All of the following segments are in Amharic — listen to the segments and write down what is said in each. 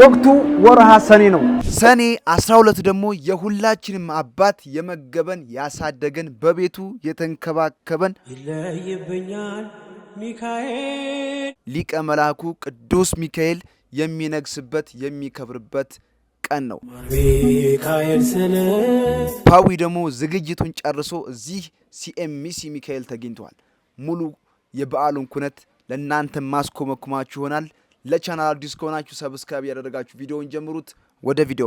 ወቅቱ ወርሃ ሰኔ ነው። ሰኔ 12 ደግሞ የሁላችንም አባት የመገበን ያሳደገን በቤቱ የተንከባከበን ይለይብኛል ሚካኤል ሊቀ መልአኩ ቅዱስ ሚካኤል የሚነግስበት የሚከብርበት ቀን ነው። ፓዊ ደግሞ ዝግጅቱን ጨርሶ እዚህ ሲኤምሲ ሚካኤል ተገኝተዋል። ሙሉ የበዓሉን ኩነት ለእናንተ ማስኮመኩማችሁ ይሆናል። ለቻናል አዲስ ከሆናችሁ ሰብስክራይብ ያደረጋችሁ ቪዲዮውን ጀምሩት። ወደ ቪዲዮ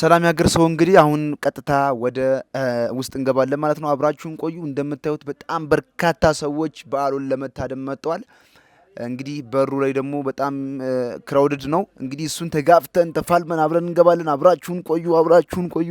ሰላም ያገር ሰው እንግዲህ አሁን ቀጥታ ወደ ውስጥ እንገባለን ማለት ነው። አብራችሁን ቆዩ። እንደምታዩት በጣም በርካታ ሰዎች በዓሉን ለመታደም መጥተዋል። እንግዲህ በሩ ላይ ደግሞ በጣም ክራውድድ ነው። እንግዲህ እሱን ተጋፍተን ተፋልመን አብረን እንገባለን። አብራችሁን ቆዩ፣ አብራችሁን ቆዩ።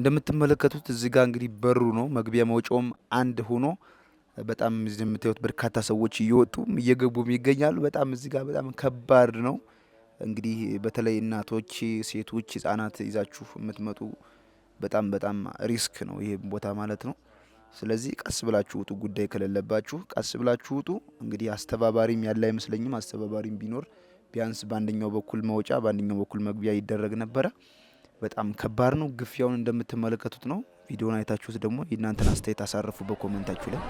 እንደምትመለከቱት እዚህ ጋር እንግዲህ በሩ ነው መግቢያ መውጫውም አንድ ሆኖ በጣም እዚህ የምታዩት በርካታ ሰዎች እየወጡም እየገቡም ይገኛሉ። በጣም እዚህ ጋር በጣም ከባድ ነው እንግዲህ በተለይ እናቶች፣ ሴቶች፣ ህጻናት ይዛችሁ የምትመጡ በጣም በጣም ሪስክ ነው ይሄ ቦታ ማለት ነው። ስለዚህ ቀስ ብላችሁ ውጡ። ጉዳይ ከሌለባችሁ ቀስ ብላችሁ ውጡ። እንግዲህ አስተባባሪም ያለ አይመስለኝም። አስተባባሪም ቢኖር ቢያንስ በአንደኛው በኩል መውጫ በአንደኛው በኩል መግቢያ ይደረግ ነበረ። በጣም ከባድ ነው። ግፊያውን እንደምትመለከቱት ነው። ቪዲዮን አይታችሁት ደግሞ የእናንተን አስተያየት አሳርፉ በኮመንታችሁ ላይ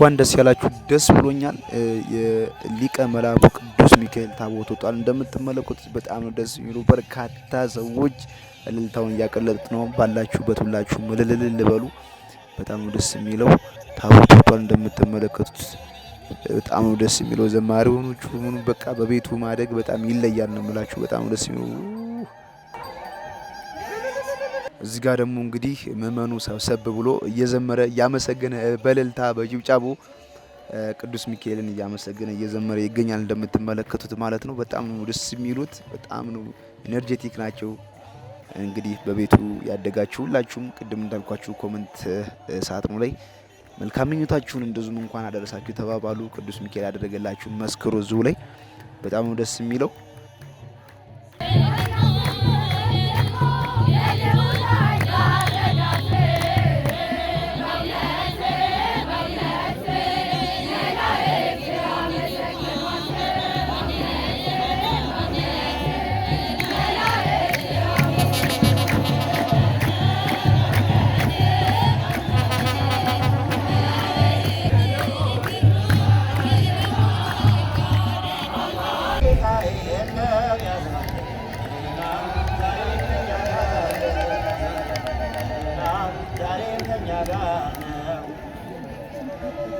እንኳን ደስ ያላችሁ፣ ደስ ብሎኛል። የሊቀ መላኩ ቅዱስ ሚካኤል ታቦት ወጣል። እንደምትመለከቱት በጣም ነው ደስ የሚሉ በርካታ ሰዎች እልልታውን እያቀለጡት ነው። ባላችሁበት ሁላችሁ እልል ልበሉ። በጣም ነው ደስ የሚለው ታቦት ወጣል። እንደምትመለከቱት በጣም ነው ደስ የሚለው። ዘማሪ ዘማሪዎቹ በቃ በቤቱ ማደግ በጣም ይለያል ነው የምላችሁ። በጣም ነው ደስ የሚለው እዚህ ጋር ደግሞ እንግዲህ ምእመኑ ሰብሰብ ብሎ እየዘመረ እያመሰገነ በእልልታ በጭብጨባ ቅዱስ ሚካኤልን እያመሰገነ እየዘመረ ይገኛል። እንደምትመለከቱት ማለት ነው። በጣም ነው ደስ የሚሉት፣ በጣም ነው ኤነርጄቲክ ናቸው። እንግዲህ በቤቱ ያደጋችሁ ሁላችሁም ቅድም እንዳልኳችሁ ኮመንት ሳጥኑ ላይ መልካም ምኞታችሁን እንደዙም እንኳን አደረሳችሁ ተባባሉ። ቅዱስ ሚካኤል ያደረገላችሁን መስክሩ። እዚሁ ላይ በጣም ነው ደስ የሚለው።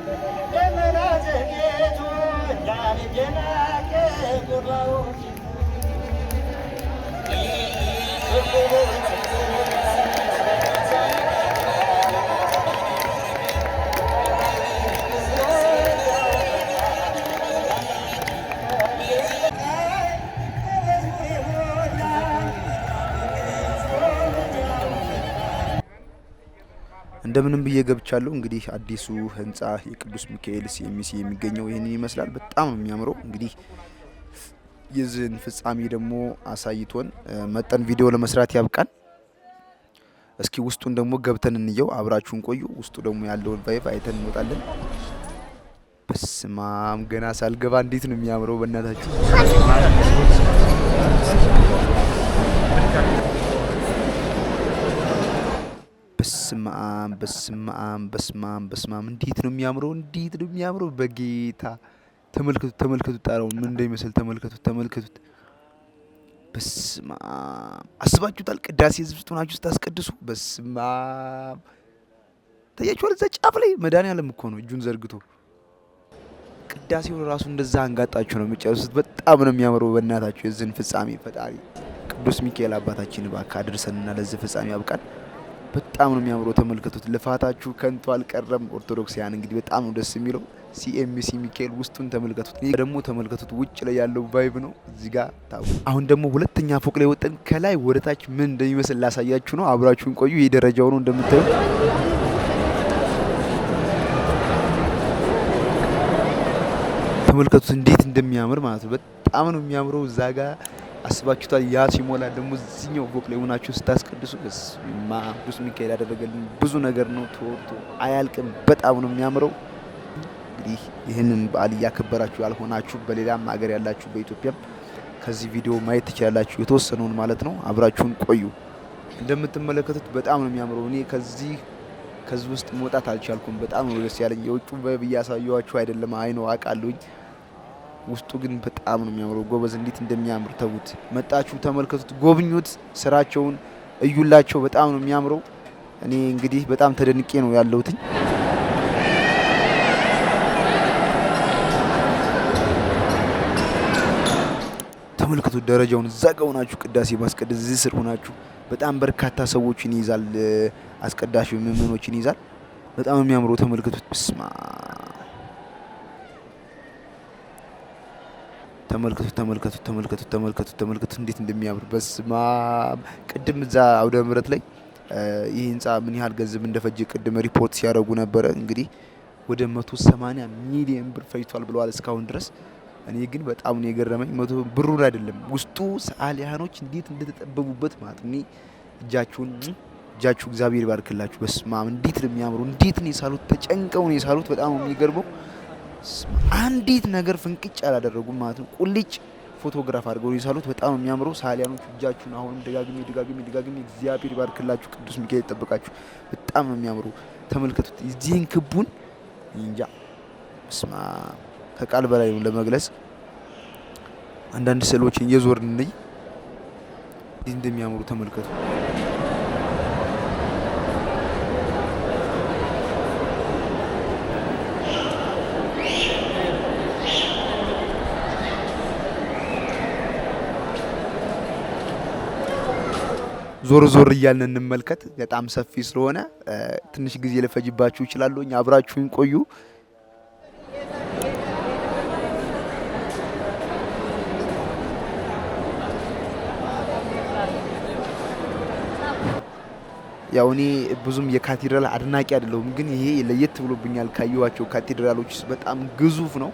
Oh, እንደምንም ብዬ ገብቻለሁ። እንግዲህ አዲሱ ህንፃ የቅዱስ ሚካኤል ሲኤምሲ የሚገኘው ይህንን ይመስላል። በጣም ነው የሚያምረው። እንግዲህ የዚህን ፍጻሜ ደግሞ አሳይቶን መጠን ቪዲዮ ለመስራት ያብቃን። እስኪ ውስጡን ደግሞ ገብተን እንየው። አብራችሁን ቆዩ። ውስጡ ደግሞ ያለውን ቫይቭ አይተን እንወጣለን። በስማም ገና ሳልገባ እንዴት ነው የሚያምረው! በእናታችሁ በስማም በስማም በስማም በስማም እንዴት ነው የሚያምረው! እንዴት ነው የሚያምረው! በጌታ ተመልከቱት፣ ተመልከቱት፣ ጣራውን ምን እንደሚመስል ተመልከቱት፣ ተመልከቱት። በስማም አብ አስባችሁታል? ቅዳሴ ህዝብ ውስጥ ሆናችሁ ስታስቀድሱ በስመ ታያችኋል። እዛ ጫፍ ላይ መድኃኔዓለም እኮ ነው እጁን ዘርግቶ ቅዳሴው ራሱ እንደዛ አንጋጣችሁ ነው የሚጨርሱት። በጣም ነው የሚያምረው። በእናታችሁ የዚህን ፍጻሜ ፈጣሪ ቅዱስ ሚካኤል አባታችን እባክህ አድርሰንና ለዚህ ፍጻሜ አብቃን። በጣም ነው የሚያምረው። ተመልከቱት። ልፋታችሁ ከንቱ አልቀረም። ኦርቶዶክሳውያን እንግዲህ በጣም ነው ደስ የሚለው። ሲኤምሲ ሚካኤል ውስጡን ተመልከቱት። ይህ ደግሞ ተመልከቱት፣ ውጭ ላይ ያለው ቫይብ ነው። እዚህ ጋር ታው አሁን ደግሞ ሁለተኛ ፎቅ ላይ ወጠን ከላይ ወደታች ምን እንደሚመስል ላሳያችሁ ነው። አብራችሁን ቆዩ። ይህ ደረጃው ነው እንደምታዩት ተመልከቱት፣ እንዴት እንደሚያምር ማለት ነው። በጣም ነው የሚያምረው እዛ ጋር አስባችሁታል። ያ ሲሞላ ደግሞ እዚኛው ፎቅ ላይ ሆናችሁ ስታስቀድሱ ማ ቅዱስ ሚካኤል ያደረገልን ብዙ ነገር ነው። ተወርቶ አያልቅም። በጣም ነው የሚያምረው። እንግዲህ ይህንን በዓል እያከበራችሁ ያልሆናችሁ በሌላም ሀገር ያላችሁ በኢትዮጵያም ከዚህ ቪዲዮ ማየት ትችላላችሁ፣ የተወሰነውን ማለት ነው። አብራችሁን ቆዩ። እንደምትመለከቱት በጣም ነው የሚያምረው። እኔ ከዚህ ከዚህ ውስጥ መውጣት አልቻልኩም። በጣም ነው ደስ ያለኝ። የውጭ ብዬ ያሳየኋችሁ አይደለም ነው አውቃለሁኝ ውስጡ ግን በጣም ነው የሚያምረው። ጎበዝ እንዴት እንደሚያምር ተዉት። መጣችሁ ተመልከቱት፣ ጎብኙት፣ ስራቸውን እዩላቸው። በጣም ነው የሚያምረው። እኔ እንግዲህ በጣም ተደንቄ ነው ያለሁትኝ። ተመልከቱት ደረጃውን። እዛ ጋ ሆናችሁ ቅዳሴ ማስቀደስ፣ እዚህ ስር ሆናችሁ በጣም በርካታ ሰዎችን ይይዛል። አስቀዳሽ ምዕመኖችን ይይዛል። በጣም የሚያምረው ተመልከቱት። ብስማ ተመልከቱት ተመልከቱት ተመልከቱት ተመልከቱት ተመልከቱት እንዴት እንደሚያምር በስማ ቅድም እዛ አውደ ምረት ላይ ይህ ህንፃ ምን ያህል ገንዘብ እንደፈጀ ቅድም ሪፖርት ሲያደርጉ ነበረ። እንግዲህ ወደ 180 ሚሊዮን ብር ፈጅቷል ብለዋል እስካሁን ድረስ። እኔ ግን በጣም ነው የገረመኝ መቶ ብሩን አይደለም ውስጡ ሰዓሊያኖች እንዴት እንደተጠበቡበት ማለት እኔ እጃችሁን እጃችሁ እግዚአብሔር ይባርክላችሁ። በስማም እንዴት ነው የሚያምሩ! እንዴት ነው የሳሉት! ተጨንቀው ነው የሳሉት። በጣም ነው የሚገርመው። አንዲት ነገር ፍንቅጭ አላደረጉም ማለት ነው። ቁልጭ ፎቶግራፍ አድርገው ይሳሉት። በጣም የሚያምሩ ሳሊያኖች፣ እጃችሁን አሁንም ደጋግሜ ደጋግሜ ደጋግሜ እግዚአብሔር ይባርክላችሁ፣ ቅዱስ ሚካኤል ይጠብቃችሁ። በጣም የሚያምሩ ተመልከቱት። እዚህን ክቡን እንጃ ስማ ከቃል በላይ ነው ለመግለጽ። አንዳንድ ስዕሎችን እየዞርን እንይ እንደሚያምሩ ተመልከቱ። ዞር ዞር እያልን እንመልከት። በጣም ሰፊ ስለሆነ ትንሽ ጊዜ ልፈጅባችሁ ይችላሉ። አብራችሁኝ ቆዩ። ያው እኔ ብዙም የካቴድራል አድናቂ አይደለሁም፣ ግን ይሄ ለየት ብሎብኛል። ካየኋቸው ካቴድራሎች በጣም ግዙፍ ነው፣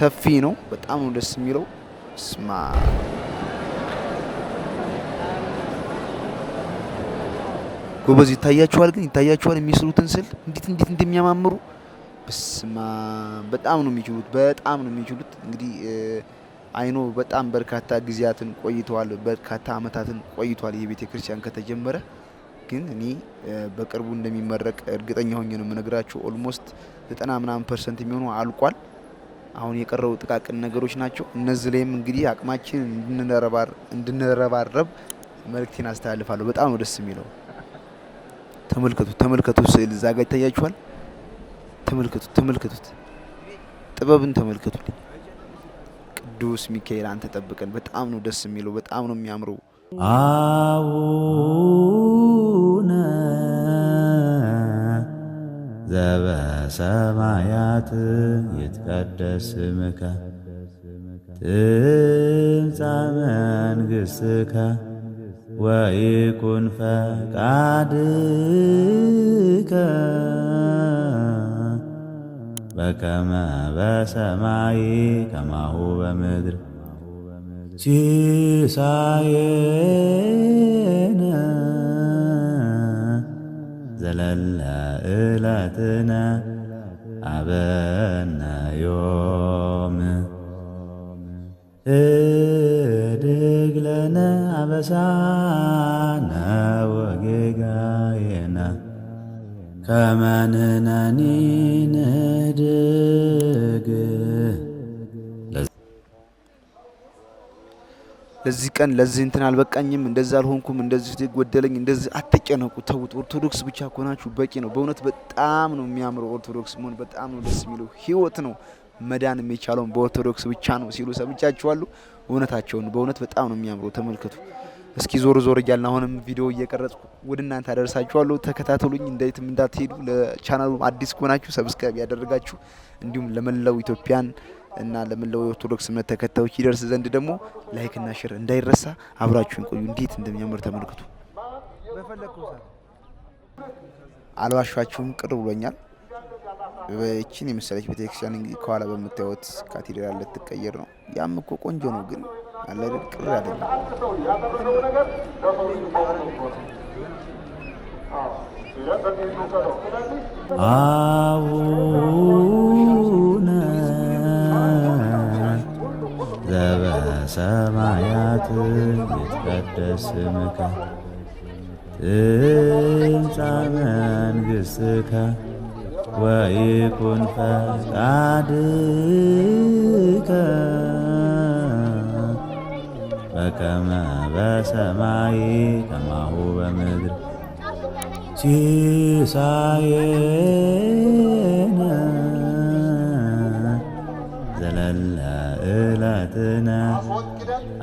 ሰፊ ነው፣ በጣም ነው ደስ የሚለው ስማ ጎበዝ ይታያችኋል፣ ግን ይታያችኋል የሚስሉትን ስል እንዴት እንዴት እንደሚያማምሩ በስማ በጣም ነው የሚችሉት፣ በጣም ነው የሚችሉት። እንግዲህ አይኖ በጣም በርካታ ጊዜያትን ቆይተዋል፣ በርካታ አመታትን ቆይተዋል ይህ ቤተ ክርስቲያን ከተጀመረ። ግን እኔ በቅርቡ እንደሚመረቅ እርግጠኛ ሆኜ ነው የምነግራችሁ። ኦልሞስት ዘጠና ምናምን ፐርሰንት የሚሆኑ አልቋል። አሁን የቀረው ጥቃቅን ነገሮች ናቸው። እነዚህ ላይም እንግዲህ አቅማችን እንድንረባረብ መልእክቴን አስተላልፋለሁ። በጣም ነው ደስ የሚለው። ተመልከቱት፣ ተመልከቱት ስዕል እዛ ጋ ይታያችኋል። ተመልከቱት፣ ተመልከቱት፣ ጥበብን ተመልከቱ ቅዱስ ሚካኤል አንተ ጠብቀን። በጣም ነው ደስ የሚለው፣ በጣም ነው የሚያምረው። አቡነ ዘበሰማያት ይትቀደስ ስምከ ትምጻእ መንግሥትከ ወይኩን ፈቃድከ በከመ በሰማይ ከማሁ በምድር ሲሳየነ ዘለለ እለትነ አበነ ዮም እምንትንትግ ለነ አበሳነ ወጌጋየነ ከመ ንድግ ለዚህ ቀን ለዚህ እንትን አልበቃኝም፣ እንደዚህ አልሆንኩም፣ እንደዚህ ጎደለኝ፣ እንደዚህ አትጨነቁ፣ ተውት። ኦርቶዶክስ ብቻ ከሆናችሁ በቂ ነው። በእውነት በጣም ነው የሚያምረው ኦርቶዶክስ መሆን፣ በጣም ነው ደስ የሚለው። ህይወት ነው መዳን የሚቻለውን በኦርቶዶክስ ብቻ ነው ሲሉ ሰምቻችኋሉ። እውነታቸውን በእውነት በጣም ነው የሚያምሩ። ተመልከቱ እስኪ ዞር ዞር እያልን አሁንም ቪዲዮ እየቀረጽኩ ወደ እናንተ አደርሳችኋለሁ። ተከታተሉኝ፣ እንዴትም እንዳትሄዱ። ለቻናሉ አዲስ ከሆናችሁ ሰብስክራይብ ያደረጋችሁ እንዲሁም ለመላው ኢትዮጵያን እና ለመላው የኦርቶዶክስ እምነት ተከታዮች ይደርስ ዘንድ ደግሞ ላይክና ሽር እንዳይረሳ። አብራችሁን ቆዩ። እንዴት እንደሚያምር ተመልክቱ። አልዋሻችሁም፣ ቅር ብሎኛል። ይችን የመሰለች ቤተክርስቲያን እንግዲህ ከኋላ በምታዩት ካቴድራል ልትቀየር ነው። ያም እኮ ቆንጆ ነው፣ ግን አለደል ቅር አይደለም። አቡነ ዘበሰማያት ይትቀደስ ስምከ ትምጻእ መንግሥትከ ወይኩን ፈቃድከ በከመ በሰማይ ከማሁ በምድር ሲሳየነ ዘለለ እለትነ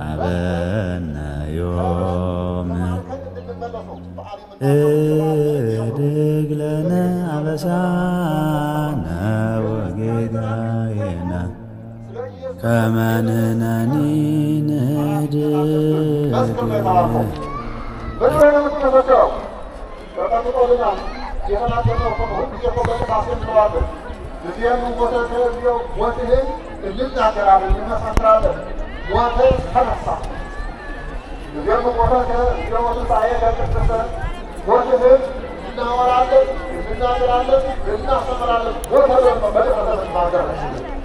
አበነ ዮም ከመንህነኒ ንድድ እናወራለን፣ እናገራለን፣ እናስተምራለን።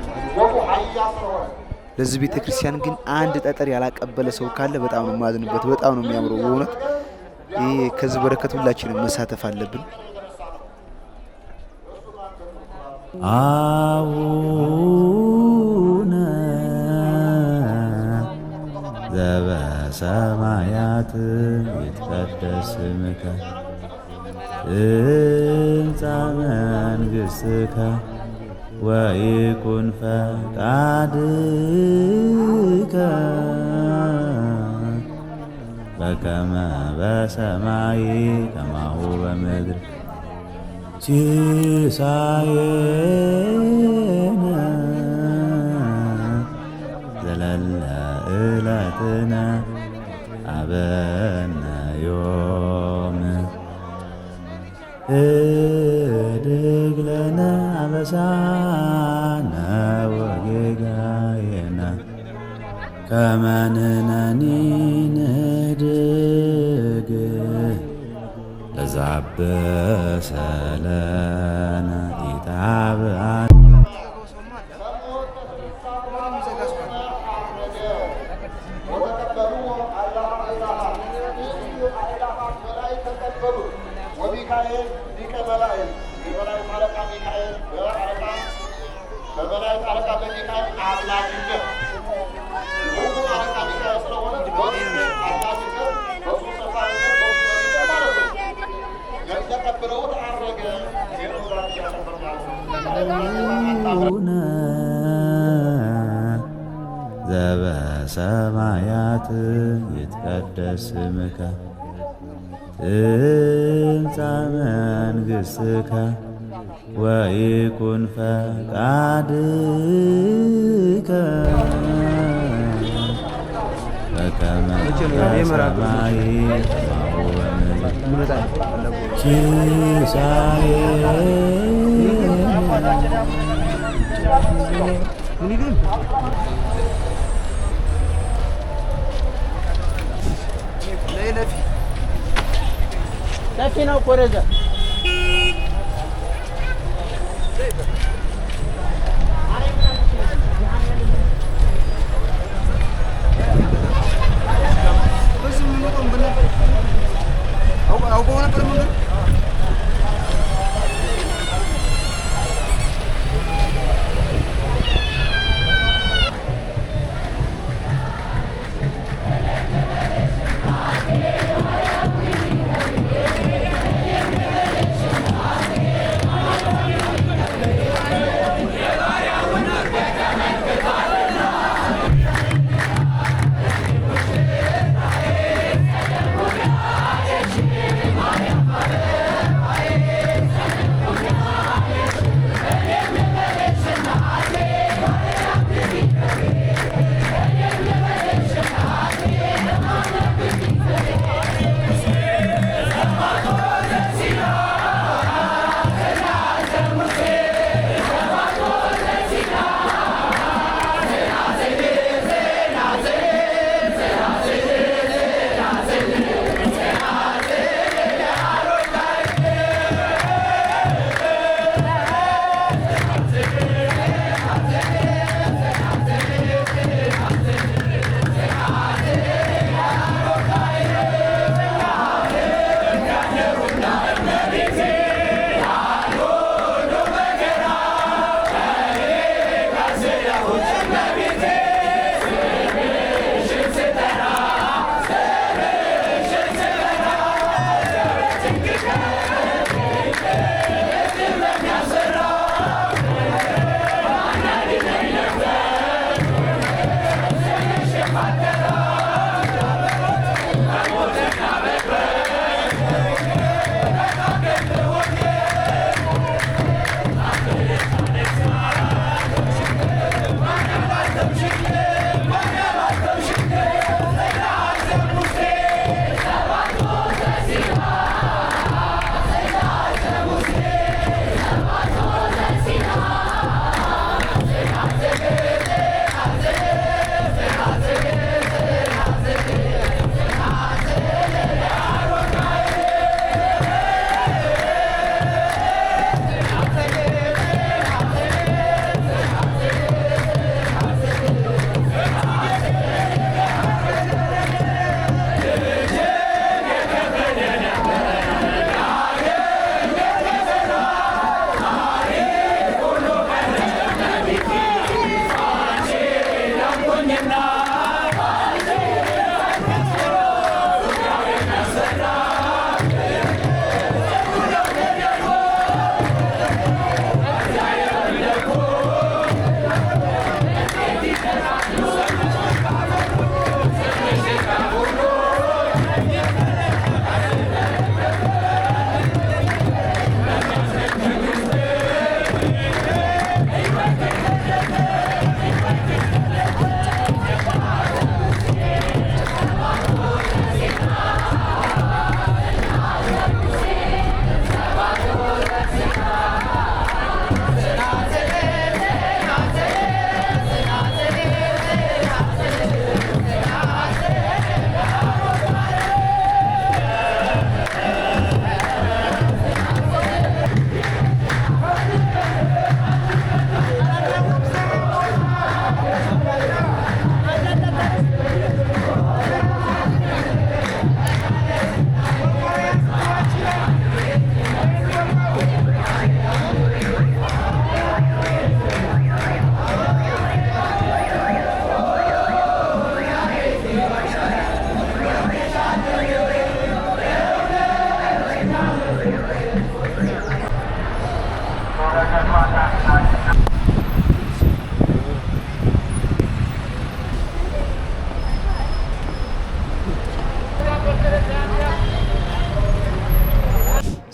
ለዚህ ቤተ ክርስቲያን ግን አንድ ጠጠር ያላቀበለ ሰው ካለ በጣም ነው የማዝንበት። በጣም ነው የሚያምረው በእውነት። ይህ ከዚህ በረከት ሁላችንም መሳተፍ አለብን። አቡነ ዘበሰማያት ይትቀደስ ስምከ ትምጻእ መንግሥትከ ወይኩን ፈቃድከ በከመ በሰማይ ከማሁ በምድር ሲሳየነ ዘለለ እለትነ አበነ ዮም እድግ ለነ አበሳ ከመንነኒ ንድግ ለዛብእ ሰለነ ኢጣብአን ስምከ ትምጻ መንግሥትከ ወይኩን ፈቃድከ በከመ በሰማይ በምድር Daqui não, por exemplo.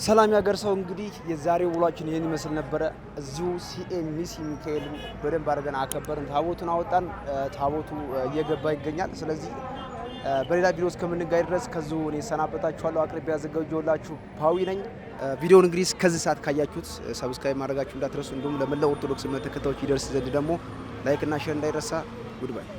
ሰላም ያገር ሰው እንግዲህ የዛሬው ውሏችን ይህን ይመስል ነበረ። እዚሁ ሲኤምሲ ሚካኤል በደንብ አድርገን አከበርን፣ ታቦቱን አወጣን። ታቦቱ እየገባ ይገኛል። ስለዚህ በሌላ ቪዲዮ እስከምንጋይ ድረስ ከዚሁ እኔ ሰናበታችኋለሁ። አቅርቤ ያዘጋጀሁላችሁ ፓዊ ነኝ። ቪዲዮውን እንግዲህ እስከዚህ ሰዓት ካያችሁት ሰብስክራይብ ማድረጋችሁ እንዳትረሱ፣ እንዲሁም ለመላው ኦርቶዶክስ እምነት ተከታዮች ይደርስ ዘንድ ደግሞ ላይክ እና ሼር እንዳይረሳ። ጉድባይ